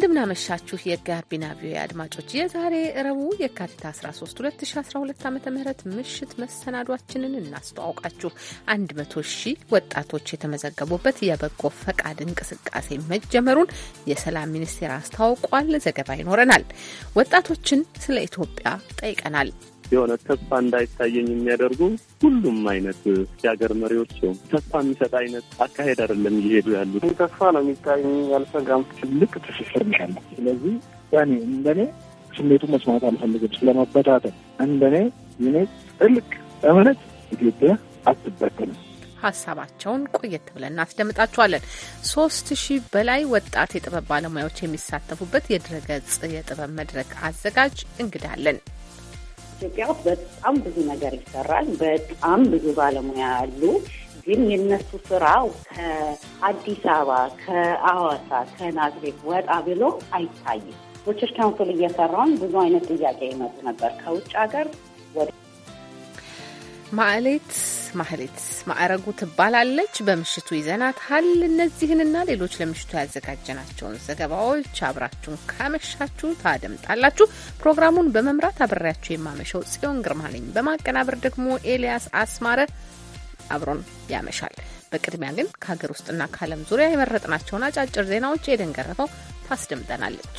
እንደምናመሻችሁ የጋቢና ቪዮ አድማጮች የዛሬ ረቡ የካቲት 13 2012 ዓ ም ምሽት መሰናዷችንን እናስተዋውቃችሁ። 100 ሺህ ወጣቶች የተመዘገቡበት የበጎ ፈቃድ እንቅስቃሴ መጀመሩን የሰላም ሚኒስቴር አስታውቋል። ዘገባ ይኖረናል። ወጣቶችን ስለ ኢትዮጵያ ጠይቀናል። የሆነ ተስፋ እንዳይታየኝ የሚያደርጉ ሁሉም አይነት የሀገር መሪዎች ተስፋ የሚሰጥ አይነት አካሄድ አይደለም እየሄዱ ያሉት። ተስፋ ነው የሚታይ ያልፈጋም ትልቅ ትስስር ያለ ስለዚህ ያኔ እንደኔ ስሜቱ መስማት አልፈልግም ስለመበታተን እንደኔ ይኔ ጥልቅ እምነት ኢትዮጵያ አትበተንም። ሀሳባቸውን ቆየት ብለን እናስደምጣችኋለን። ሶስት ሺህ በላይ ወጣት የጥበብ ባለሙያዎች የሚሳተፉበት የድረገጽ የጥበብ መድረክ አዘጋጅ እንግዳለን። ኢትዮጵያ ውስጥ በጣም ብዙ ነገር ይሰራል። በጣም ብዙ ባለሙያ አሉ። ግን የነሱ ስራው ከአዲስ አበባ፣ ከአዋሳ፣ ከናዝሬት ወጣ ብሎ አይታይም። ዊቸር ካውንስል እየሰራውን ብዙ አይነት ጥያቄ ይመጡ ነበር ከውጭ ሀገር ማዕሌት ማህሌት ማዕረጉ ትባላለች። በምሽቱ ይዘናታል። እነዚህንና ሌሎች ለምሽቱ ያዘጋጀናቸውን ዘገባዎች አብራችሁን ካመሻችሁ ታደምጣላችሁ። ፕሮግራሙን በመምራት አብሬያችሁ የማመሸው ጽዮን ግርማ ነኝ። በማቀናበር ደግሞ ኤልያስ አስማረ አብሮን ያመሻል። በቅድሚያ ግን ከሀገር ውስጥና ከዓለም ዙሪያ የመረጥናቸውን አጫጭር ዜናዎች ኤደን ታስደምጠናለች።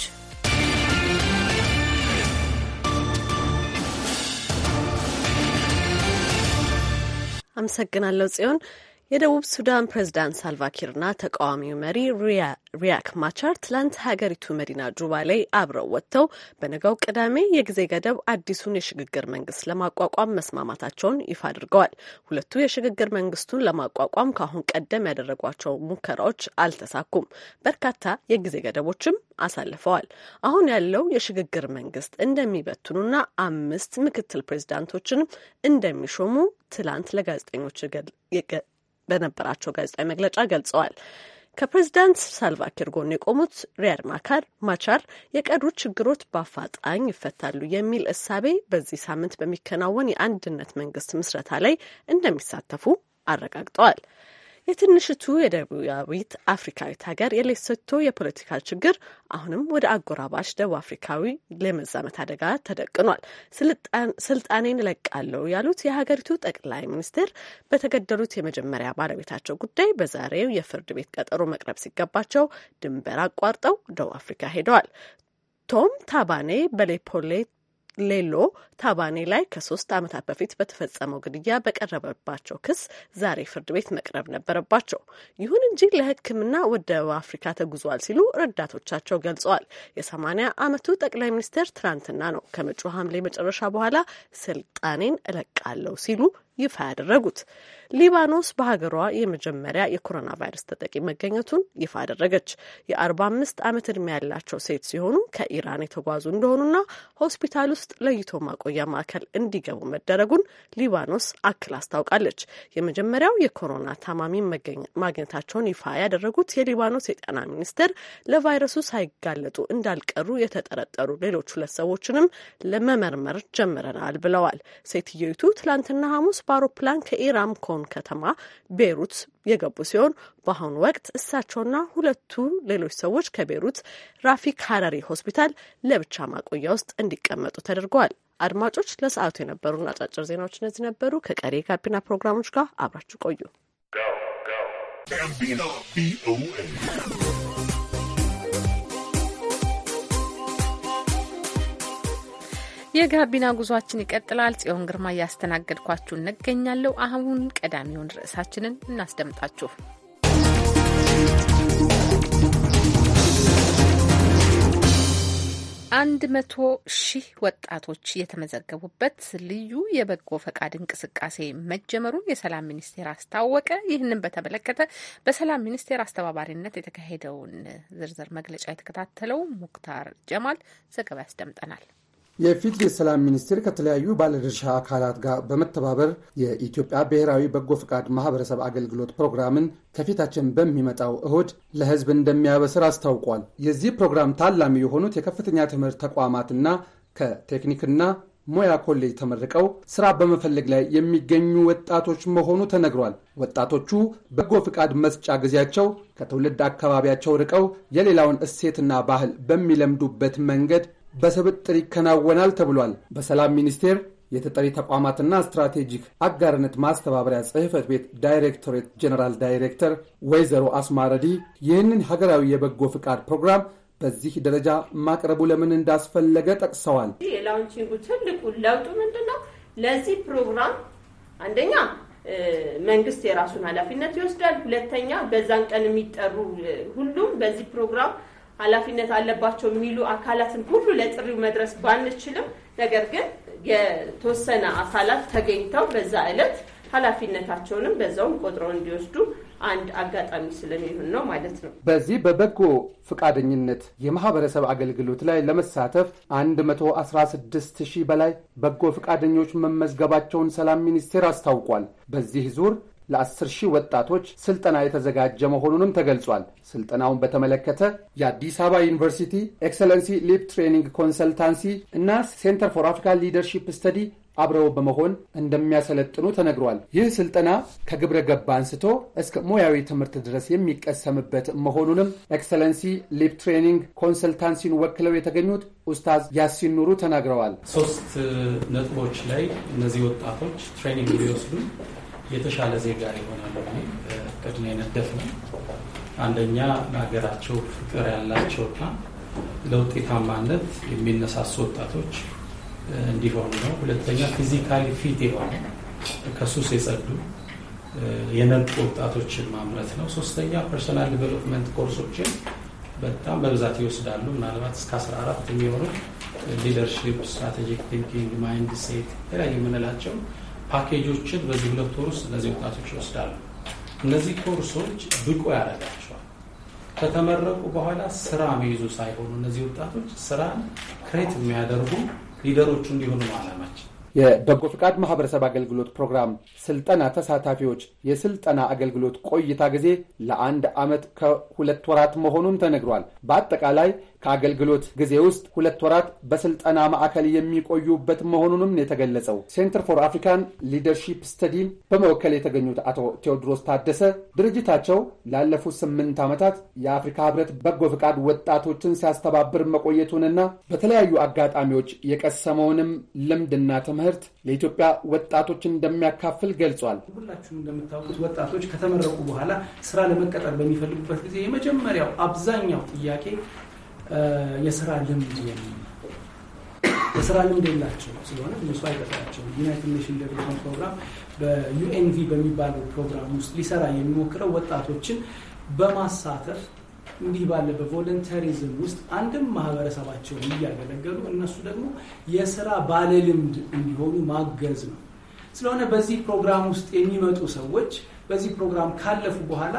አመሰግናለሁ ጽዮን። የደቡብ ሱዳን ፕሬዝዳንት ሳልቫኪርና ተቃዋሚው መሪ ሪያክ ማቻር ትላንት ሀገሪቱ መዲና ጁባ ላይ አብረው ወጥተው በነገው ቅዳሜ የጊዜ ገደብ አዲሱን የሽግግር መንግስት ለማቋቋም መስማማታቸውን ይፋ አድርገዋል። ሁለቱ የሽግግር መንግስቱን ለማቋቋም ከአሁን ቀደም ያደረጓቸው ሙከራዎች አልተሳኩም። በርካታ የጊዜ ገደቦችም አሳልፈዋል። አሁን ያለው የሽግግር መንግስት እንደሚበትኑና አምስት ምክትል ፕሬዚዳንቶችንም እንደሚሾሙ ትላንት ለጋዜጠኞች በነበራቸው ጋዜጣዊ መግለጫ ገልጸዋል። ከፕሬዚዳንት ሳልቫኪር ጎን የቆሙት ሪያድ ማካር ማቻር የቀዱ ችግሮች በአፋጣኝ ይፈታሉ የሚል እሳቤ በዚህ ሳምንት በሚከናወን የአንድነት መንግስት ምስረታ ላይ እንደሚሳተፉ አረጋግጠዋል። የትንሽቱ የደቡባዊት አፍሪካዊት ሀገር የሌሶቶ የፖለቲካ ችግር አሁንም ወደ አጎራባሽ ደቡብ አፍሪካዊ ለመዛመት አደጋ ተደቅኗል። ስልጣኔን እለቃለሁ ያሉት የሀገሪቱ ጠቅላይ ሚኒስትር በተገደሉት የመጀመሪያ ባለቤታቸው ጉዳይ በዛሬው የፍርድ ቤት ቀጠሮ መቅረብ ሲገባቸው ድንበር አቋርጠው ደቡብ አፍሪካ ሄደዋል። ቶም ታባኔ በሌፖሌት ሌሎ ታባኔ ላይ ከሶስት ዓመታት በፊት በተፈጸመው ግድያ በቀረበባቸው ክስ ዛሬ ፍርድ ቤት መቅረብ ነበረባቸው። ይሁን እንጂ ለሕክምና ወደ ደቡብ አፍሪካ ተጉዟል ሲሉ ረዳቶቻቸው ገልጸዋል። የሰማኒያ ዓመቱ ጠቅላይ ሚኒስትር ትናንትና ነው ከመጪው ሐምሌ መጨረሻ በኋላ ስልጣኔን እለቃለሁ ሲሉ ይፋ ያደረጉት። ሊባኖስ በሀገሯ የመጀመሪያ የኮሮና ቫይረስ ተጠቂ መገኘቱን ይፋ አደረገች። የአርባ የ45 ዓመት ዕድሜ ያላቸው ሴት ሲሆኑ ከኢራን የተጓዙ እንደሆኑና ሆስፒታል ውስጥ ለይቶ ማቆያ ማዕከል እንዲገቡ መደረጉን ሊባኖስ አክል አስታውቃለች። የመጀመሪያው የኮሮና ታማሚ ማግኘታቸውን ይፋ ያደረጉት የሊባኖስ የጤና ሚኒስቴር ለቫይረሱ ሳይጋለጡ እንዳልቀሩ የተጠረጠሩ ሌሎች ሁለት ሰዎችንም ለመመርመር ጀምረናል ብለዋል። ሴትየይቱ ትላንትና ሐሙስ በአውሮፕላን ከኢራም ኮን ከተማ ቤይሩት የገቡ ሲሆን በአሁኑ ወቅት እሳቸውና ሁለቱ ሌሎች ሰዎች ከቤሩት ራፊክ ሀረሪ ሆስፒታል ለብቻ ማቆያ ውስጥ እንዲቀመጡ ተደርገዋል። አድማጮች ለሰዓቱ የነበሩን አጫጭር ዜናዎች እነዚህ ነበሩ። ከቀሪ የጋቢና ፕሮግራሞች ጋር አብራችሁ ቆዩ። የጋቢና ጉዟችን ይቀጥላል። ጽዮን ግርማ እያስተናገድኳችሁ እንገኛለሁ። አሁን ቀዳሚውን ርዕሳችንን እናስደምጣችሁ። አንድ መቶ ሺህ ወጣቶች የተመዘገቡበት ልዩ የበጎ ፈቃድ እንቅስቃሴ መጀመሩን የሰላም ሚኒስቴር አስታወቀ። ይህንን በተመለከተ በሰላም ሚኒስቴር አስተባባሪነት የተካሄደውን ዝርዝር መግለጫ የተከታተለው ሙክታር ጀማል ዘገባ ያስደምጠናል። የፊድሪ ሰላም ሚኒስቴር ከተለያዩ ባለድርሻ አካላት ጋር በመተባበር የኢትዮጵያ ብሔራዊ በጎ ፈቃድ ማህበረሰብ አገልግሎት ፕሮግራምን ከፊታችን በሚመጣው እሁድ ለሕዝብ እንደሚያበስር አስታውቋል። የዚህ ፕሮግራም ታላሚ የሆኑት የከፍተኛ ትምህርት ተቋማትና ከቴክኒክና ሙያ ኮሌጅ ተመርቀው ስራ በመፈለግ ላይ የሚገኙ ወጣቶች መሆኑ ተነግሯል። ወጣቶቹ በጎ ፍቃድ መስጫ ጊዜያቸው ከትውልድ አካባቢያቸው ርቀው የሌላውን እሴትና ባህል በሚለምዱበት መንገድ በስብጥር ይከናወናል ተብሏል። በሰላም ሚኒስቴር የተጠሪ ተቋማትና ስትራቴጂክ አጋርነት ማስተባበሪያ ጽህፈት ቤት ዳይሬክቶሬት ጀኔራል ዳይሬክተር ወይዘሮ አስማረዲ ይህንን ሀገራዊ የበጎ ፍቃድ ፕሮግራም በዚህ ደረጃ ማቅረቡ ለምን እንዳስፈለገ ጠቅሰዋል። የላውንቺንጉ ትልቁ ለውጡ ምንድን ነው? ለዚህ ፕሮግራም አንደኛ መንግስት የራሱን ኃላፊነት ይወስዳል። ሁለተኛ በዛን ቀን የሚጠሩ ሁሉም በዚህ ፕሮግራም ኃላፊነት አለባቸው የሚሉ አካላትን ሁሉ ለጥሪው መድረስ ባንችልም፣ ነገር ግን የተወሰነ አካላት ተገኝተው በዛ ዕለት ኃላፊነታቸውንም በዛውም ቆጥረው እንዲወስዱ አንድ አጋጣሚ ስለሚሆን ነው ማለት ነው። በዚህ በበጎ ፈቃደኝነት የማህበረሰብ አገልግሎት ላይ ለመሳተፍ 116 ሺህ በላይ በጎ ፈቃደኞች መመዝገባቸውን ሰላም ሚኒስቴር አስታውቋል። በዚህ ዙር ለአስር ሺህ ወጣቶች ስልጠና የተዘጋጀ መሆኑንም ተገልጿል። ስልጠናውን በተመለከተ የአዲስ አበባ ዩኒቨርሲቲ ኤክሰለንሲ ሊፕ ትሬኒንግ ኮንሰልታንሲ እና ሴንተር ፎር አፍሪካ ሊደርሺፕ ስተዲ አብረው በመሆን እንደሚያሰለጥኑ ተነግሯል። ይህ ስልጠና ከግብረ ገባ አንስቶ እስከ ሙያዊ ትምህርት ድረስ የሚቀሰምበት መሆኑንም ኤክሰለንሲ ሊፕ ትሬኒንግ ኮንሰልታንሲን ወክለው የተገኙት ኡስታዝ ያሲን ኑሩ ተናግረዋል። ሶስት ነጥቦች ላይ እነዚህ ወጣቶች ትሬኒንግ ሊወስዱ የተሻለ ዜጋ ይሆናሉ የሚል ቅድሜ የነደፍ ነው። አንደኛ ለሀገራቸው ፍቅር ያላቸውና ለውጤታማነት የሚነሳሱ ወጣቶች እንዲሆኑ ነው። ሁለተኛ ፊዚካሊ ፊት የሆነ ከሱስ የጸዱ የነቁ ወጣቶችን ማምረት ነው። ሶስተኛ ፐርሶናል ዲቨሎፕመንት ኮርሶችን በጣም በብዛት ይወስዳሉ። ምናልባት እስከ 14 የሚሆኑ ሊደርሺፕ፣ ስትራቴጂክ ቲንኪንግ፣ ማይንድ ሴት የተለያዩ የምንላቸው ፓኬጆችን በዚህ ሁለት ወር ውስጥ እነዚህ ወጣቶች ይወስዳሉ። እነዚህ ኮርሶች ብቁ ያደርጋቸዋል። ከተመረቁ በኋላ ስራ መይዙ ሳይሆኑ እነዚህ ወጣቶች ስራን ክሬት የሚያደርጉ ሊደሮቹ እንዲሆኑ ነው የበጎ ፍቃድ ማህበረሰብ አገልግሎት ፕሮግራም ስልጠና ተሳታፊዎች የስልጠና አገልግሎት ቆይታ ጊዜ ለአንድ ዓመት ከሁለት ወራት መሆኑን ተነግሯል። በአጠቃላይ ከአገልግሎት ጊዜ ውስጥ ሁለት ወራት በስልጠና ማዕከል የሚቆዩበት መሆኑንም የተገለጸው ሴንተር ፎር አፍሪካን ሊደርሺፕ ስተዲን በመወከል የተገኙት አቶ ቴዎድሮስ ታደሰ ድርጅታቸው ላለፉት ስምንት ዓመታት የአፍሪካ ህብረት በጎ ፍቃድ ወጣቶችን ሲያስተባብር መቆየቱንና በተለያዩ አጋጣሚዎች የቀሰመውንም ልምድና ትምህርት ትምህርት ለኢትዮጵያ ወጣቶች እንደሚያካፍል ገልጿል። ሁላችሁም እንደምታውቁት ወጣቶች ከተመረቁ በኋላ ስራ ለመቀጠር በሚፈልጉበት ጊዜ የመጀመሪያው አብዛኛው ጥያቄ የስራ ልምድ የሚ የስራ ልምድ የላቸው ስለሆነ እነሱ አይቀጥራቸውም። ዩናይትድ ኔሽን ዴቨሎፕመንት ፕሮግራም በዩኤንቪ በሚባለው ፕሮግራም ውስጥ ሊሰራ የሚሞክረው ወጣቶችን በማሳተፍ እንዲህ ባለ በቮለንተሪዝም ውስጥ አንድም ማህበረሰባቸውን እያገለገሉ እነሱ ደግሞ የስራ ባለልምድ እንዲሆኑ ማገዝ ነው። ስለሆነ በዚህ ፕሮግራም ውስጥ የሚመጡ ሰዎች በዚህ ፕሮግራም ካለፉ በኋላ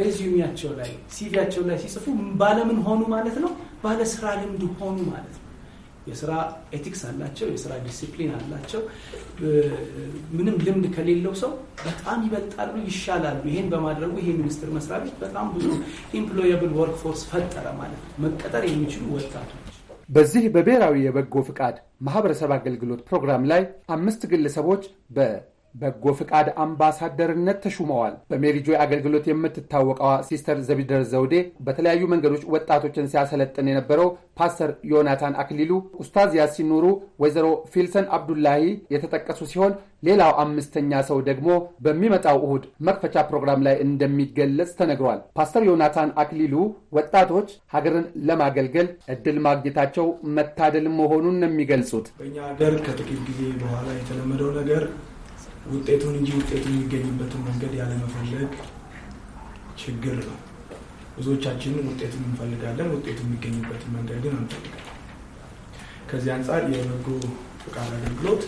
ሬዚዩሚያቸው ላይ ሲቪያቸው ላይ ሲጽፉ ባለምን ሆኑ ማለት ነው፣ ባለስራ ልምድ ሆኑ ማለት ነው። የስራ ኤቲክስ አላቸው፣ የስራ ዲሲፕሊን አላቸው። ምንም ልምድ ከሌለው ሰው በጣም ይበልጣሉ፣ ይሻላሉ። ይሄን በማድረጉ ይሄ ሚኒስቴር መስሪያ ቤት በጣም ብዙ ኢምፕሎየብል ወርክ ፎርስ ፈጠረ ማለት ነው፣ መቀጠር የሚችሉ ወጣቶች። በዚህ በብሔራዊ የበጎ ፍቃድ ማህበረሰብ አገልግሎት ፕሮግራም ላይ አምስት ግለሰቦች በ በጎ ፍቃድ አምባሳደርነት ተሹመዋል። በሜሪጆ አገልግሎት የምትታወቀዋ ሲስተር ዘቢደር ዘውዴ በተለያዩ መንገዶች ወጣቶችን ሲያሰለጥን የነበረው ፓስተር ዮናታን አክሊሉ፣ ኡስታዝ ያሲን ኑሩ፣ ወይዘሮ ፊልሰን አብዱላሂ የተጠቀሱ ሲሆን ሌላው አምስተኛ ሰው ደግሞ በሚመጣው እሁድ መክፈቻ ፕሮግራም ላይ እንደሚገለጽ ተነግሯል። ፓስተር ዮናታን አክሊሉ ወጣቶች ሀገርን ለማገልገል እድል ማግኘታቸው መታደል መሆኑን ነው የሚገልጹት። በእኛ ሀገር ከጥቂት ጊዜ በኋላ የተለመደው ነገር ውጤቱን እንጂ ውጤቱ የሚገኝበትን መንገድ ያለመፈለግ ችግር ነው። ብዙዎቻችንን ውጤቱን እንፈልጋለን፣ ውጤቱ የሚገኝበትን መንገድ ግን አንፈልጋለን። ከዚህ አንጻር የበጎ ፈቃድ አገልግሎት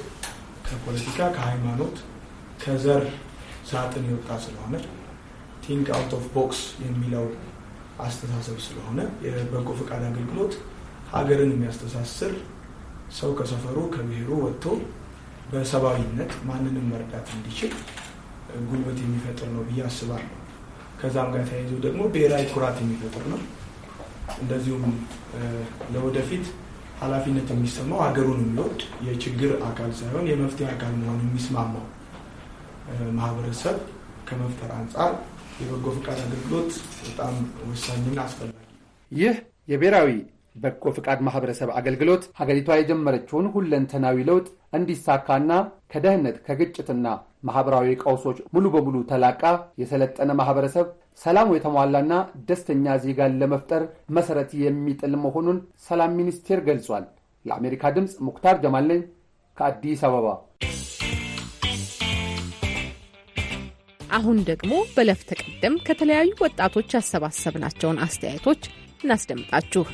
ከፖለቲካ፣ ከሃይማኖት፣ ከዘር ሳጥን የወጣ ስለሆነ ቲንክ አውት ኦፍ ቦክስ የሚለው አስተሳሰብ ስለሆነ የበጎ ፈቃድ አገልግሎት ሀገርን የሚያስተሳስር ሰው ከሰፈሩ ከብሔሩ ወጥቶ በሰብአዊነት ማንንም መርዳት እንዲችል ጉልበት የሚፈጥር ነው ብዬ አስባለሁ። ከዛም ጋር ተያይዞ ደግሞ ብሔራዊ ኩራት የሚፈጥር ነው። እንደዚሁም ለወደፊት ኃላፊነት የሚሰማው ሀገሩን የሚወድ የችግር አካል ሳይሆን የመፍትሄ አካል መሆኑ የሚስማማው ማህበረሰብ ከመፍጠር አንጻር የበጎ ፈቃድ አገልግሎት በጣም ወሳኝና አስፈላጊ ነው። ይህ የብሔራዊ በጎ ፈቃድ ማህበረሰብ አገልግሎት ሀገሪቷ የጀመረችውን ሁለንተናዊ ለውጥ እንዲሳካና ከደህንነት፣ ከግጭትና ማኅበራዊ ቀውሶች ሙሉ በሙሉ ተላቃ የሰለጠነ ማኅበረሰብ ሰላሙ የተሟላና ደስተኛ ዜጋን ለመፍጠር መሠረት የሚጥል መሆኑን ሰላም ሚኒስቴር ገልጿል። ለአሜሪካ ድምፅ ሙክታር ጀማል ነኝ ከአዲስ አበባ። አሁን ደግሞ በለፍ ተቀደም ከተለያዩ ወጣቶች ያሰባሰብናቸውን አስተያየቶች እናስደምጣችሁ።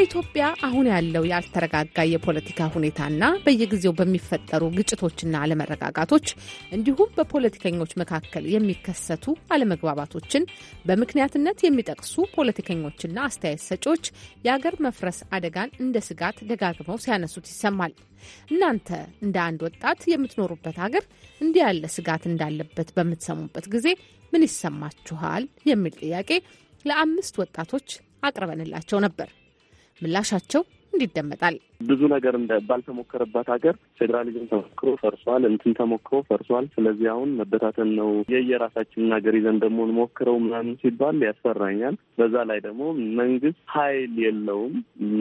በኢትዮጵያ አሁን ያለው ያልተረጋጋ የፖለቲካ ሁኔታና በየጊዜው በሚፈጠሩ ግጭቶችና አለመረጋጋቶች እንዲሁም በፖለቲከኞች መካከል የሚከሰቱ አለመግባባቶችን በምክንያትነት የሚጠቅሱ ፖለቲከኞችና አስተያየት ሰጪዎች የአገር መፍረስ አደጋን እንደ ስጋት ደጋግመው ሲያነሱት ይሰማል። እናንተ እንደ አንድ ወጣት የምትኖሩበት ሀገር እንዲህ ያለ ስጋት እንዳለበት በምትሰሙበት ጊዜ ምን ይሰማችኋል? የሚል ጥያቄ ለአምስት ወጣቶች አቅርበንላቸው ነበር። ምላሻቸው እንዲደመጣል ብዙ ነገር ባልተሞከረባት ሀገር ፌዴራሊዝም ተሞክሮ ፈርሷል፣ እንትን ተሞክሮ ፈርሷል። ስለዚህ አሁን መበታተን ነው የየራሳችንን ሀገር ይዘን ደግሞ እንሞክረው ምናምን ሲባል ያስፈራኛል። በዛ ላይ ደግሞ መንግስት ኃይል የለውም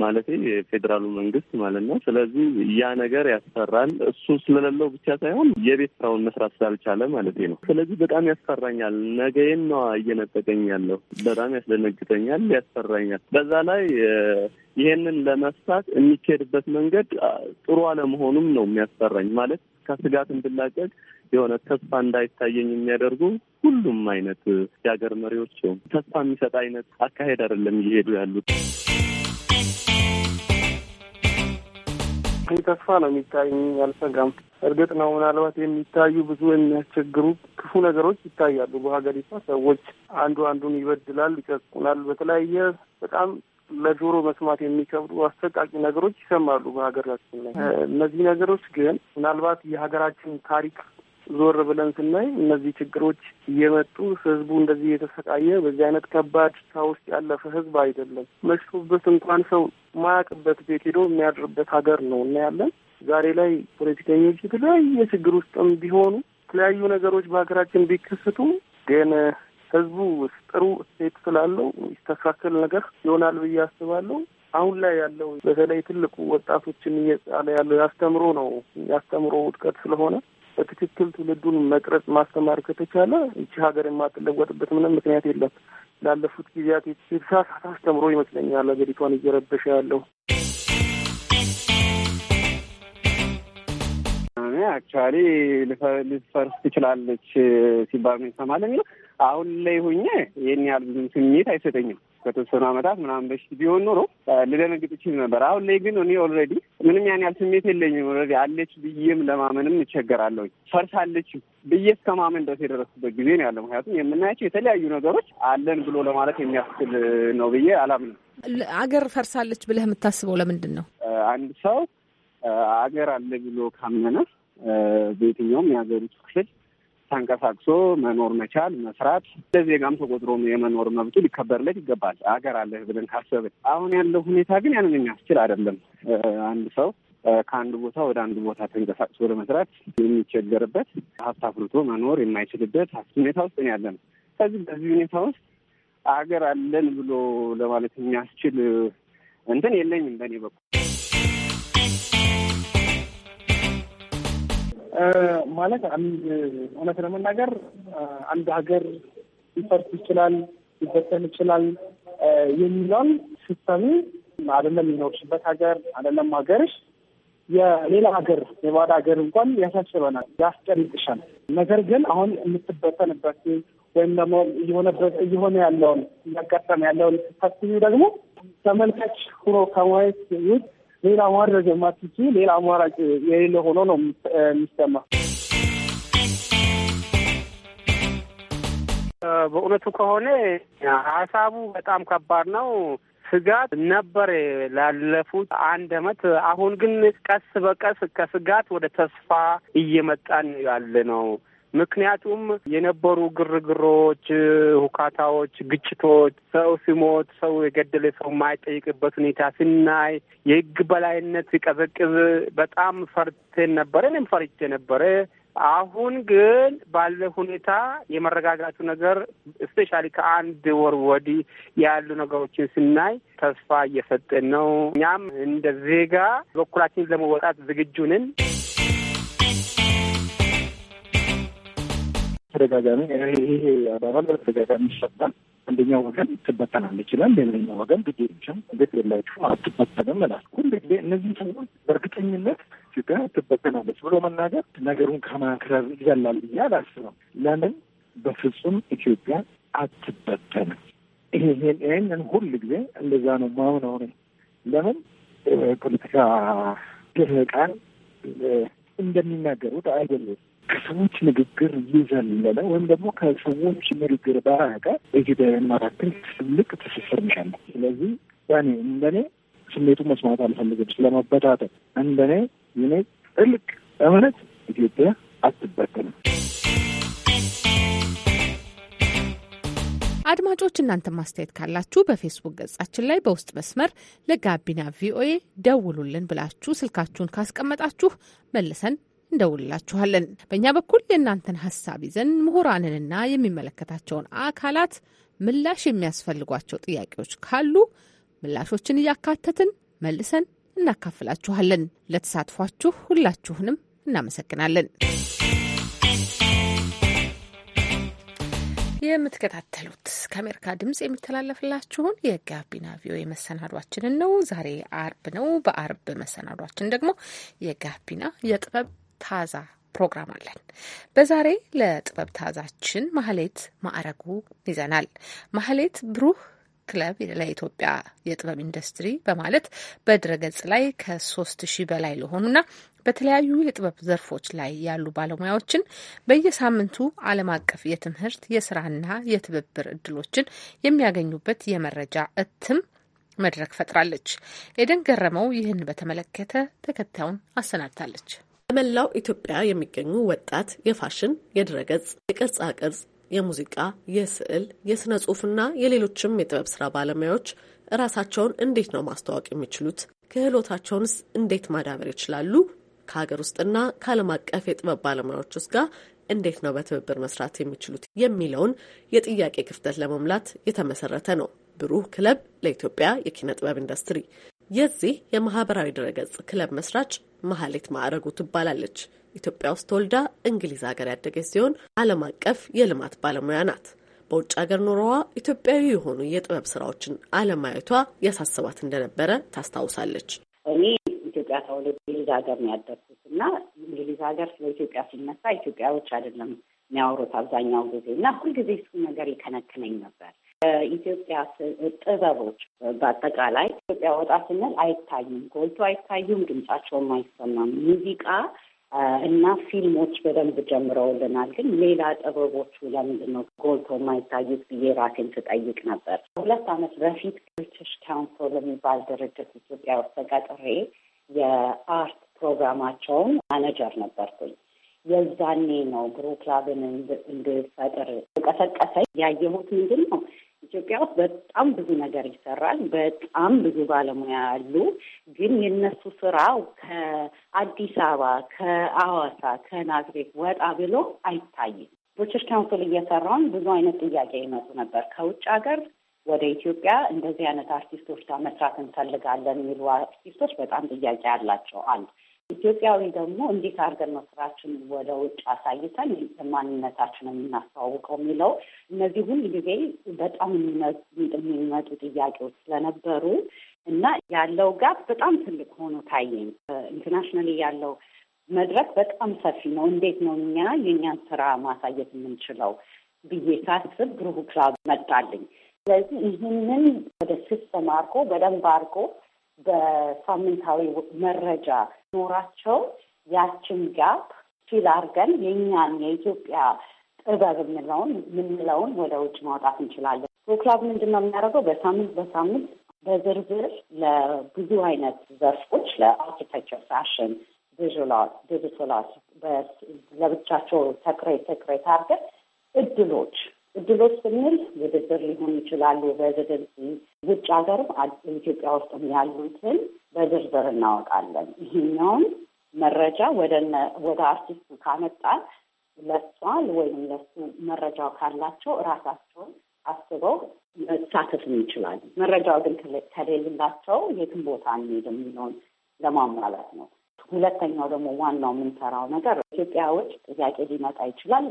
ማለት የፌዴራሉ መንግስት ማለት ነው። ስለዚህ ያ ነገር ያስፈራል። እሱ ስለሌለው ብቻ ሳይሆን የቤት ስራውን መስራት ስላልቻለ ማለት ነው። ስለዚህ በጣም ያስፈራኛል። ነገዬን ነዋ እየነጠቀኝ ያለው በጣም ያስደነግጠኛል፣ ያስፈራኛል። በዛ ላይ ይሄንን ለመፍታት የሚካሄድበት መንገድ ጥሩ አለመሆኑም ነው የሚያስፈራኝ። ማለት ከስጋት እንድላቀቅ የሆነ ተስፋ እንዳይታየኝ የሚያደርጉ ሁሉም አይነት የሀገር መሪዎች ተስፋ የሚሰጥ አይነት አካሄድ አይደለም እየሄዱ ያሉት። ተስፋ ነው የሚታየኝ፣ አልሰጋም። እርግጥ ነው ምናልባት የሚታዩ ብዙ የሚያስቸግሩ ክፉ ነገሮች ይታያሉ በሀገሪቷ። ሰዎች አንዱ አንዱን ይበድላል፣ ይጨቁናል። በተለያየ በጣም ለጆሮ መስማት የሚከብዱ አሰቃቂ ነገሮች ይሰማሉ በሀገራችን ላይ። እነዚህ ነገሮች ግን ምናልባት የሀገራችን ታሪክ ዞር ብለን ስናይ እነዚህ ችግሮች እየመጡ ህዝቡ እንደዚህ የተሰቃየ በዚህ አይነት ከባድ ታ ውስጥ ያለፈ ህዝብ አይደለም። መሽቶበት እንኳን ሰው ማያውቅበት ቤት ሄዶ የሚያድርበት ሀገር ነው እና ያለን ዛሬ ላይ ፖለቲከኞች የተለያየ ችግር ውስጥም ቢሆኑ የተለያዩ ነገሮች በሀገራችን ቢከሰቱ ግን ህዝቡ ጥሩ እሴት ስላለው ይስተካከል ነገር ይሆናል ብዬ አስባለሁ። አሁን ላይ ያለው በተለይ ትልቁ ወጣቶችን እየጫነ ያለው ያስተምሮ ነው። ያስተምሮ ውድቀት ስለሆነ በትክክል ትውልዱን መቅረጽ ማስተማር ከተቻለ ይቺ ሀገር የማትለወጥበት ምንም ምክንያት የለም። ላለፉት ጊዜያት የተሳሳተ አስተምሮ ይመስለኛል ሀገሪቷን እየረበሸ ያለው። እኔ አክቹዋሊ ልፈርስ ትችላለች ሲባል ነው ይሰማል የሚለው አሁን ላይ ሆኜ ይህን ያህል ብዙም ስሜት አይሰጠኝም። ከተወሰኑ ዓመታት ምናምን በሽ ቢሆን ኖሮ ልደነግጥ ችል ነበር። አሁን ላይ ግን እኔ ኦልሬዲ ምንም ያን ያህል ስሜት የለኝም። ኦልሬዲ አለች ብዬም ለማመንም እቸገራለሁኝ። ፈርሳለች ብዬ እስከ ማመን ድረስ የደረስኩበት ጊዜ ነው ያለ። ምክንያቱም የምናያቸው የተለያዩ ነገሮች አለን ብሎ ለማለት የሚያስችል ነው ብዬ አላምንም። አገር ፈርሳለች ብለህ የምታስበው ለምንድን ነው? አንድ ሰው አገር አለ ብሎ ካመነ በየትኛውም የሀገሪቱ ክፍል ተንቀሳቅሶ መኖር መቻል መስራት እንደ ተቆጥሮ የመኖር መብቱ ሊከበርለት ይገባል። አገር አለህ ብለን ካሰብን አሁን ያለው ሁኔታ ግን ያንን የሚያስችል አይደለም። አንድ ሰው ከአንድ ቦታ ወደ አንድ ቦታ ተንቀሳቅሶ ለመስራት የሚቸገርበት ሀብት አፍርቶ መኖር የማይችልበት ሁኔታ ውስጥ ነው ያለ ነው። ከዚህ በዚህ ሁኔታ ውስጥ አገር አለን ብሎ ለማለት የሚያስችል እንትን የለኝም በእኔ በኩል። ማለት አንድ እውነት ለመናገር አንድ ሀገር ሊፈርስ ይችላል፣ ሊበተን ይችላል የሚለውን ሲስተሙ አይደለም የሚኖርሽበት ሀገር አይደለም ሀገርሽ የሌላ ሀገር የባዕድ ሀገር እንኳን ያሳስበናል፣ ያስጨንቅሻል። ነገር ግን አሁን የምትበተንበት ወይም ደግሞ እየሆነ ያለውን እያጋጠመ ያለውን ስታስቢ ደግሞ ተመልካች ሁኖ ከማየት ውጭ ሌላ ማድረግ የማትችይ ሌላ አማራጭ የሌለ ሆኖ ነው የሚሰማ። በእውነቱ ከሆነ ሀሳቡ በጣም ከባድ ነው። ስጋት ነበር ላለፉት አንድ አመት። አሁን ግን ቀስ በቀስ ከስጋት ወደ ተስፋ እየመጣን ያለ ነው። ምክንያቱም የነበሩ ግርግሮች፣ ሁካታዎች፣ ግጭቶች፣ ሰው ሲሞት ሰው የገደለ ሰው የማይጠይቅበት ሁኔታ ስናይ የህግ በላይነት ሲቀዘቅዝ በጣም ፈርቴን ነበረ። እኔም ፈርቼ ነበረ። አሁን ግን ባለ ሁኔታ የመረጋጋቱ ነገር እስፔሻሊ ከአንድ ወር ወዲህ ያሉ ነገሮችን ስናይ ተስፋ እየሰጠን ነው። እኛም እንደ ዜጋ በኩላችን ለመወጣት ዝግጁ ነን። በተደጋጋሚ ይሄ አባባል በተደጋጋሚ ይሰጣል። አንደኛው ወገን ትበተናለች ይላል። ሌላኛው ወገን ግዴዎችም እንዴት የላችሁ አትበተንም ይላል። ሁል ጊዜ እነዚህ ሰዎች በእርግጠኝነት ኢትዮጵያ ትበተናለች ብሎ መናገር ነገሩን ከማክረር ይዘላል ብዬ አላስብም። ለምን በፍጹም ኢትዮጵያ አትበተንም። ይሄን ይህንን ሁል ጊዜ እንደዛ ነው ማምነው ለምን ፖለቲካ ድርቃን እንደሚናገሩት አይደለም ከሰዎች ንግግር እየዘለለ ወይም ደግሞ ከሰዎች ንግግር በራቀ በኢትዮጵያውያን መካከል ትልቅ ትስስር ነው። ስለዚህ ያኔ እንደኔ ስሜቱ መስማት አልፈልግም። ስለመበታተን እንደኔ የኔ ጥልቅ እምነት ኢትዮጵያ አትበተንም። አድማጮች እናንተ ማስተያየት ካላችሁ በፌስቡክ ገጻችን ላይ በውስጥ መስመር ለጋቢና ቪኦኤ ደውሉልን ብላችሁ ስልካችሁን ካስቀመጣችሁ መልሰን እንደውልላችኋለን። በእኛ በኩል የእናንተን ሀሳብ ይዘን ምሁራንንና የሚመለከታቸውን አካላት ምላሽ የሚያስፈልጓቸው ጥያቄዎች ካሉ ምላሾችን እያካተትን መልሰን እናካፍላችኋለን። ለተሳትፏችሁ ሁላችሁንም እናመሰግናለን። የምትከታተሉት ከአሜሪካ ድምጽ የሚተላለፍላችሁን የጋቢና ቪኦኤ መሰናዷችንን ነው። ዛሬ አርብ ነው። በአርብ መሰናዷችን ደግሞ የጋቢና የጥበብ ታዛ ፕሮግራም አለን። በዛሬ ለጥበብ ታዛችን ማህሌት ማዕረጉ ይዘናል። ማህሌት ብሩህ ክለብ ለኢትዮጵያ የጥበብ ኢንዱስትሪ በማለት በድረገጽ ላይ ከሶስት ሺህ በላይ ለሆኑና በተለያዩ የጥበብ ዘርፎች ላይ ያሉ ባለሙያዎችን በየሳምንቱ ዓለም አቀፍ የትምህርት የስራና የትብብር እድሎችን የሚያገኙበት የመረጃ እትም መድረክ ፈጥራለች። ኤደን ገረመው ይህን በተመለከተ ተከታዩን አሰናድታለች። በመላው ኢትዮጵያ የሚገኙ ወጣት የፋሽን፣ የድረገጽ፣ የቅርጻ ቅርጽ፣ የሙዚቃ፣ የስዕል፣ የስነ ጽሁፍና የሌሎችም የጥበብ ስራ ባለሙያዎች እራሳቸውን እንዴት ነው ማስተዋወቅ የሚችሉት? ክህሎታቸውንስ እንዴት ማዳበር ይችላሉ? ከሀገር ውስጥና ከዓለም አቀፍ የጥበብ ባለሙያዎች ውስጥ ጋር እንዴት ነው በትብብር መስራት የሚችሉት የሚለውን የጥያቄ ክፍተት ለመሙላት የተመሰረተ ነው ብሩህ ክለብ ለኢትዮጵያ የኪነ ጥበብ ኢንዱስትሪ። የዚህ የማህበራዊ ድረገጽ ክለብ መስራች መሀሌት ማዕረጉ ትባላለች። ኢትዮጵያ ውስጥ ተወልዳ እንግሊዝ ሀገር ያደገች ሲሆን ዓለም አቀፍ የልማት ባለሙያ ናት። በውጭ ሀገር ኑሮዋ ኢትዮጵያዊ የሆኑ የጥበብ ስራዎችን አለማየቷ ያሳስባት እንደነበረ ታስታውሳለች። እኔ ኢትዮጵያ ተወልጄ እንግሊዝ ሀገር ነው ያደግኩት እና እንግሊዝ ሀገር ስለ ኢትዮጵያ ሲነሳ ኢትዮጵያዎች አይደለም የሚያወሩት አብዛኛው ጊዜ እና ሁልጊዜ እሱ ነገር ይከነክነኝ ነበር። የኢትዮጵያ ጥበቦች በአጠቃላይ ኢትዮጵያ ወጣ ስንል አይታዩም፣ ጎልቶ አይታዩም፣ ድምጻቸውም አይሰማም። ሙዚቃ እና ፊልሞች በደንብ ጀምረውልናል። ግን ሌላ ጥበቦቹ ለምንድን ነው ጎልቶ የማይታዩት ብዬ ራሴን ስጠይቅ ነበር። ሁለት ዓመት በፊት ብሪቲሽ ካውንስል የሚባል ድርጅት ኢትዮጵያ ውስጥ ተቀጥሬ የአርት ፕሮግራማቸውን ማነጀር ነበርኩኝ። የዛኔ ነው ግሩ ክላብን እንድፈጥር ቀሰቀሰ። ያየሁት ምንድን ነው ኢትዮጵያ ውስጥ በጣም ብዙ ነገር ይሰራል። በጣም ብዙ ባለሙያ አሉ። ግን የነሱ ስራው ከአዲስ አበባ፣ ከአዋሳ፣ ከናዝሬት ወጣ ብሎ አይታይም። ብሪቲሽ ካውንስል እየሰራውን ብዙ አይነት ጥያቄ ይመጡ ነበር ከውጭ ሀገር ወደ ኢትዮጵያ እንደዚህ አይነት አርቲስቶች ጋር መስራት እንፈልጋለን የሚሉ አርቲስቶች በጣም ጥያቄ አላቸው። አንድ ኢትዮጵያዊ ደግሞ እንዴት አድርገን ነው ስራችን ወደ ውጭ አሳይተን ማንነታችን የምናስተዋውቀው የሚለው እነዚህ ሁል ጊዜ በጣም የሚመጡ ጥያቄዎች ስለነበሩ እና ያለው ጋር በጣም ትልቅ ሆኖ ታየኝ። ኢንተርናሽናል ያለው መድረክ በጣም ሰፊ ነው። እንዴት ነው እኛ የእኛን ስራ ማሳየት የምንችለው ብዬ ሳስብ ብሩህ ክላብ መጣልኝ። ስለዚህ ይህንን ወደ ሲስተም አድርጎ በደንብ አድርጎ በሳምንታዊ መረጃ ኖራቸው ያችን ጋፕ ፊል አድርገን የእኛን የኢትዮጵያ ጥበብ የምለውን የምንለውን ወደ ውጭ ማውጣት እንችላለን። ቦክላብ ምንድን ነው የሚያደርገው? በሳምንት በሳምንት በዝርዝር ለብዙ አይነት ዘርፎች ለአርኪቴክቸር፣ ፋሽን፣ ዲጂታል አርት ለብቻቸው ተክሬት ተክሬት አድርገን እድሎች እድሎች ስንል ውድድር ሊሆን ይችላሉ። ሬዚደንሲ ውጭ ሀገርም ኢትዮጵያ ውስጥም ያሉትን በዝርዝር እናወጣለን። ይህኛውን መረጃ ወደ አርቲስቱ ካመጣን ለሷል ወይም ለሱ መረጃው ካላቸው እራሳቸውን አስበው መሳተፍም ይችላሉ። መረጃው ግን ከሌልላቸው የትም ቦታ እንሄድ የሚለውን ለማሟላት ነው። ሁለተኛው ደግሞ ዋናው የምንሰራው ነገር ኢትዮጵያ ውጭ ጥያቄ ሊመጣ ይችላል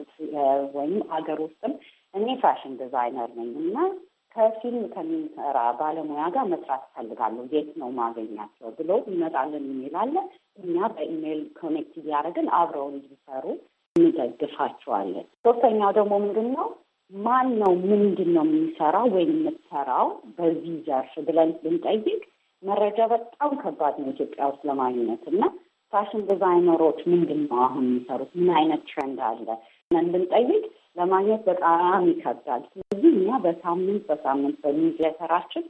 ወይም ሀገር ውስጥም እኔ ፋሽን ዲዛይነር ነኝ እና ከፊልም ከሚሰራ ባለሙያ ጋር መስራት እፈልጋለሁ የት ነው ማገኛቸው ብሎ ይመጣልን ኢሜል አለ። እኛ በኢሜይል ኮኔክት እያደረግን አብረው እንዲሰሩ እንደግፋቸዋለን። ሶስተኛው ደግሞ ምንድን ነው ማን ነው ምንድን ነው የሚሰራው ወይም የምትሰራው በዚህ ዘርፍ ብለን ብንጠይቅ መረጃ በጣም ከባድ ነው ኢትዮጵያ ውስጥ ለማግኘት እና ፋሽን ዲዛይነሮች ምንድን ነው አሁን የሚሰሩት ምን አይነት ትሬንድ አለ ብለን ብንጠይቅ ለማግኘት በጣም ይከብዳል። ስለዚህ እኛ በሳምንት በሳምንት በሚዲያ ሰራችን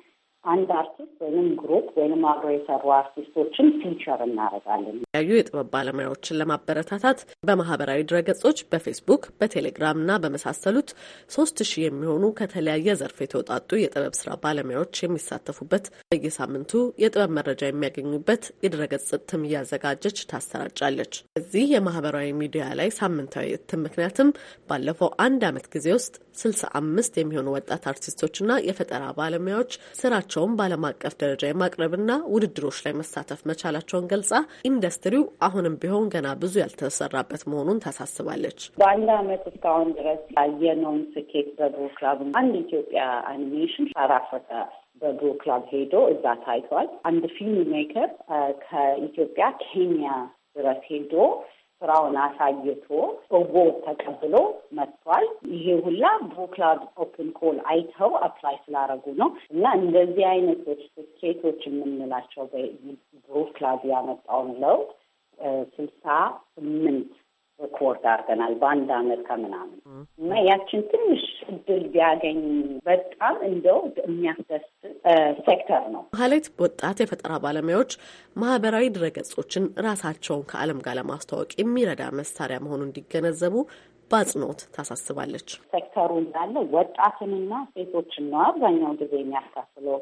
አንድ አርቲስት ወይም ግሩፕ ወይም አብሮ የሰሩ አርቲስቶችን ፊቸር እናደርጋለን። የተለያዩ የጥበብ ባለሙያዎችን ለማበረታታት በማህበራዊ ድረገጾች በፌስቡክ በቴሌግራም እና በመሳሰሉት ሶስት ሺህ የሚሆኑ ከተለያየ ዘርፍ የተውጣጡ የጥበብ ስራ ባለሙያዎች የሚሳተፉበት በየሳምንቱ የጥበብ መረጃ የሚያገኙበት የድረገጽ እትም እያዘጋጀች ታሰራጫለች። እዚህ የማህበራዊ ሚዲያ ላይ ሳምንታዊ እትም ምክንያትም ባለፈው አንድ አመት ጊዜ ውስጥ ስልሳ አምስት የሚሆኑ ወጣት አርቲስቶችና የፈጠራ ባለሙያዎች ስራቸው ምርታቸውን በዓለም አቀፍ ደረጃ የማቅረብና ውድድሮች ላይ መሳተፍ መቻላቸውን ገልጻ ኢንዱስትሪው አሁንም ቢሆን ገና ብዙ ያልተሰራበት መሆኑን ታሳስባለች። በአንድ አመት እስካሁን ድረስ ያየነውን ስኬት በብሩ ክላብ አንድ ኢትዮጵያ አኒሜሽን አራፈተ በብሩ ክላብ ሄዶ እዛ ታይቷል። አንድ ፊልም ሜከር ከኢትዮጵያ ኬንያ ድረስ ሄዶ ስራውን አሳይቶ ኦጎ ተቀብሎ መጥቷል። ይሄ ሁላ ብሩክላድ ኦፕን ኮል አይተው አፕላይ ስላደረጉ ነው እና እንደዚህ አይነቶች ስኬቶች የምንላቸው ብሩክላድ ያመጣውን ለውጥ ስልሳ ስምንት ሪኮርድ አድርገናል በአንድ አመት ከምናምን እና ያችን ትንሽ እድል ቢያገኝ በጣም እንደው የሚያስደስት ሴክተር ነው። ሀሌት ወጣት የፈጠራ ባለሙያዎች ማህበራዊ ድረገጾችን ራሳቸውን ከዓለም ጋር ለማስተዋወቅ የሚረዳ መሳሪያ መሆኑ እንዲገነዘቡ በአጽንኦት ታሳስባለች። ሴክተሩ እንዳለ ወጣትንና ሴቶችን ነው አብዛኛው ጊዜ የሚያካፍለው።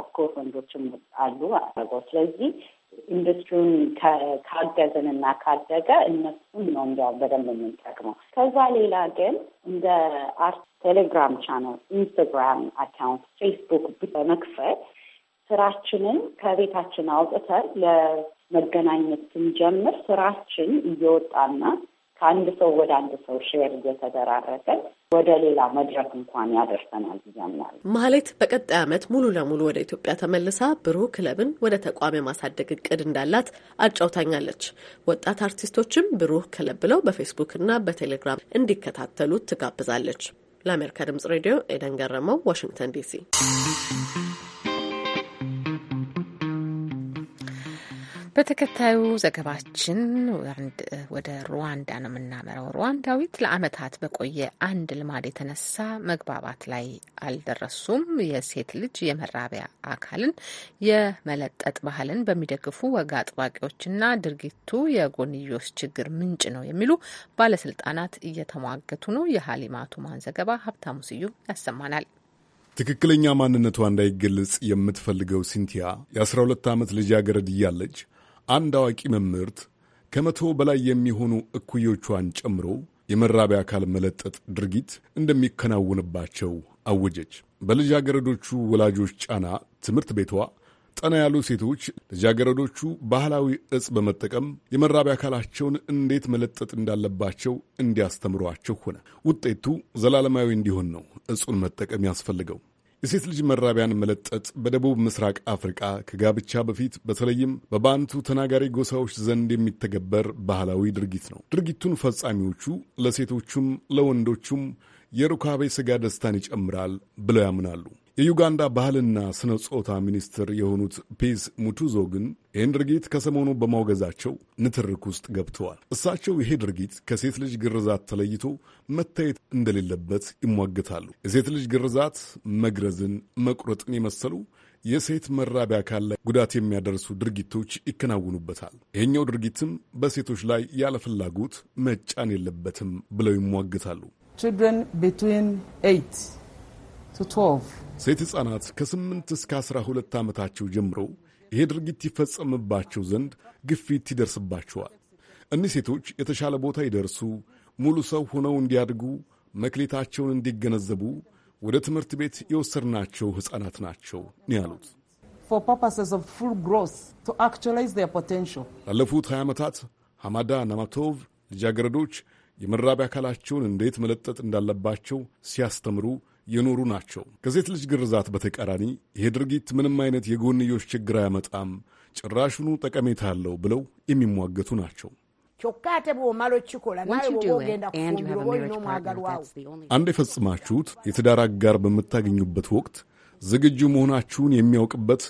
ኦፍኮርስ ወንዶችም አሉ። አረጎ ስለዚህ ኢንዱስትሪውን ካገዝን እና ካደገ እነሱም ነው እንዲያው በደንብ የምንጠቅመው። ከዛ ሌላ ግን እንደ አርት ቴሌግራም ቻናል፣ ኢንስታግራም አካውንት፣ ፌስቡክ በመክፈት ስራችንን ከቤታችን አውጥተን ለመገናኘት ስንጀምር ስራችን እየወጣና ከአንድ ሰው ወደ አንድ ሰው ሼር እየተደራረገ ወደ ሌላ መድረክ እንኳን ያደርሰናል ብያምናል። ማህሌት በቀጣይ ዓመት ሙሉ ለሙሉ ወደ ኢትዮጵያ ተመልሳ ብሩህ ክለብን ወደ ተቋም የማሳደግ እቅድ እንዳላት አጫውታኛለች። ወጣት አርቲስቶችም ብሩህ ክለብ ብለው በፌስቡክ እና በቴሌግራም እንዲከታተሉ ትጋብዛለች። ለአሜሪካ ድምጽ ሬዲዮ ኤደን ገረመው፣ ዋሽንግተን ዲሲ በተከታዩ ዘገባችን ወደ ሩዋንዳ ነው የምናመራው። ሩዋንዳዊት ለአመታት በቆየ አንድ ልማድ የተነሳ መግባባት ላይ አልደረሱም። የሴት ልጅ የመራቢያ አካልን የመለጠጥ ባህልን በሚደግፉ ወግ አጥባቂዎችና ድርጊቱ የጎንዮሽ ችግር ምንጭ ነው የሚሉ ባለስልጣናት እየተሟገቱ ነው። የሀሊማቱማን ዘገባ ሀብታሙ ስዩም ያሰማናል። ትክክለኛ ማንነቷ እንዳይገለጽ የምትፈልገው ሲንቲያ የ12 ዓመት ልጃገረድ እያለች አንድ አዋቂ መምህርት ከመቶ በላይ የሚሆኑ እኩዮቿን ጨምሮ የመራቢያ አካል መለጠጥ ድርጊት እንደሚከናወንባቸው አወጀች። በልጃገረዶቹ ወላጆች ጫና ትምህርት ቤቷ ጠና ያሉ ሴቶች ልጃገረዶቹ ባህላዊ እጽ በመጠቀም የመራቢያ አካላቸውን እንዴት መለጠጥ እንዳለባቸው እንዲያስተምሯቸው ሆነ። ውጤቱ ዘላለማዊ እንዲሆን ነው እጹን መጠቀም ያስፈልገው። የሴት ልጅ መራቢያን መለጠጥ በደቡብ ምስራቅ አፍሪቃ ከጋብቻ በፊት በተለይም በባንቱ ተናጋሪ ጎሳዎች ዘንድ የሚተገበር ባህላዊ ድርጊት ነው። ድርጊቱን ፈጻሚዎቹ ለሴቶቹም ለወንዶቹም የሩካቤ ስጋ ደስታን ይጨምራል ብለው ያምናሉ። የዩጋንዳ ባህልና ስነ ጾታ ሚኒስትር የሆኑት ፒስ ሙቱዞ ግን ይህን ድርጊት ከሰሞኑ በማውገዛቸው ንትርክ ውስጥ ገብተዋል። እሳቸው ይሄ ድርጊት ከሴት ልጅ ግርዛት ተለይቶ መታየት እንደሌለበት ይሟግታሉ። የሴት ልጅ ግርዛት መግረዝን፣ መቁረጥን የመሰሉ የሴት መራቢያ አካል ላይ ጉዳት የሚያደርሱ ድርጊቶች ይከናውኑበታል። ይህኛው ድርጊትም በሴቶች ላይ ያለ ፍላጎት መጫን የለበትም ብለው ይሟገታሉ። ሴት ሕፃናት ከ8 እስከ 12 ዓመታቸው ጀምሮ ይሄ ድርጊት ይፈጸምባቸው ዘንድ ግፊት ይደርስባቸዋል። እኒህ ሴቶች የተሻለ ቦታ ይደርሱ፣ ሙሉ ሰው ሆነው እንዲያድጉ፣ መክሌታቸውን እንዲገነዘቡ ወደ ትምህርት ቤት የወሰድናቸው ሕፃናት ናቸው ነው ያሉት። ላለፉት 20 ዓመታት ሐማዳ ናማቶቭ ልጃገረዶች የመራቢያ አካላቸውን እንዴት መለጠጥ እንዳለባቸው ሲያስተምሩ የኖሩ ናቸው። ከሴት ልጅ ግርዛት በተቃራኒ ይሄ ድርጊት ምንም አይነት የጎንዮሽ ችግር አያመጣም፣ ጭራሹኑ ጠቀሜታ አለው ብለው የሚሟገቱ ናቸው። eh? አንድ የፈጽማችሁት የትዳር አጋር በምታገኙበት ወቅት ዝግጁ መሆናችሁን የሚያውቅበት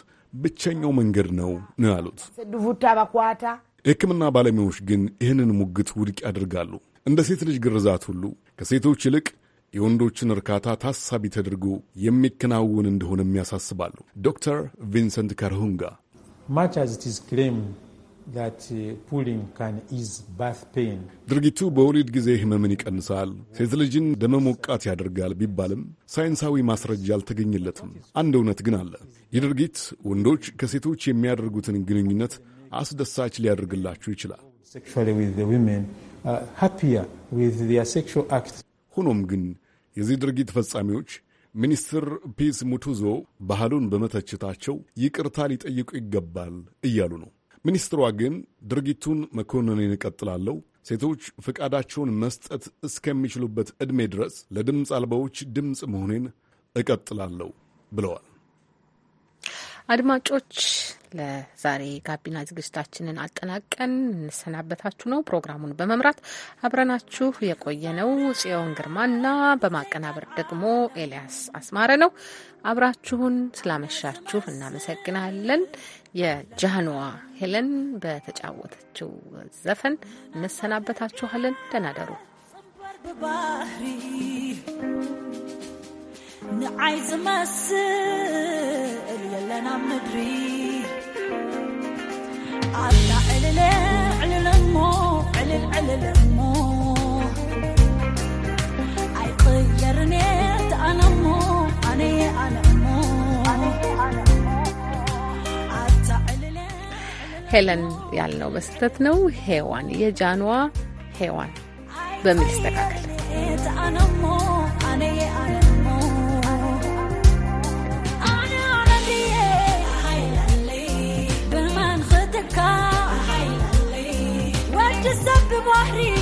ብቸኛው መንገድ ነው ነው ያሉት። የሕክምና ባለሙያዎች ግን ይህንን ሙግት ውድቅ ያደርጋሉ። እንደ ሴት ልጅ ግርዛት ሁሉ ከሴቶች ይልቅ የወንዶችን እርካታ ታሳቢ ተደርጎ የሚከናወን እንደሆነም ያሳስባሉ። ዶክተር ቪንሰንት ካርሁንጋ uh, ድርጊቱ በወሊድ ጊዜ ህመምን ይቀንሳል፣ ሴት ልጅን ደመሞቃት ያደርጋል ቢባልም ሳይንሳዊ ማስረጃ አልተገኘለትም። አንድ እውነት ግን አለ። ይህ ድርጊት ወንዶች ከሴቶች የሚያደርጉትን ግንኙነት አስደሳች ሊያደርግላችሁ ይችላል። ሆኖም ግን የዚህ ድርጊት ፈጻሚዎች ሚኒስትር ፒስ ሙቱዞ ባህሉን በመተችታቸው ይቅርታ ሊጠይቁ ይገባል እያሉ ነው። ሚኒስትሯ ግን ድርጊቱን መኮንንን እቀጥላለሁ፣ ሴቶች ፈቃዳቸውን መስጠት እስከሚችሉበት ዕድሜ ድረስ ለድምፅ አልባዎች ድምፅ መሆኔን እቀጥላለሁ ብለዋል። አድማጮች ለዛሬ ጋቢና ዝግጅታችንን አጠናቀን እንሰናበታችሁ ነው። ፕሮግራሙን በመምራት አብረናችሁ የቆየነው ጽዮን ግርማና በማቀናበር ደግሞ ኤልያስ አስማረ ነው። አብራችሁን ስላመሻችሁ እናመሰግናለን። የጃንዋ ሄለን በተጫወተችው ዘፈን እንሰናበታችኋለን። ደናደሩ ንዓይ ዝመስል يلنا مدري عبنا علل علل المو علل علل المو اي طيرني انا مو انا انا مو انا ሄለን ያልነው በስተት ነው። ሄዋን የጃንዋ ሄዋን በሚል ይስተካከል። بظهري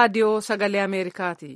راډیو سږلی امریکا تی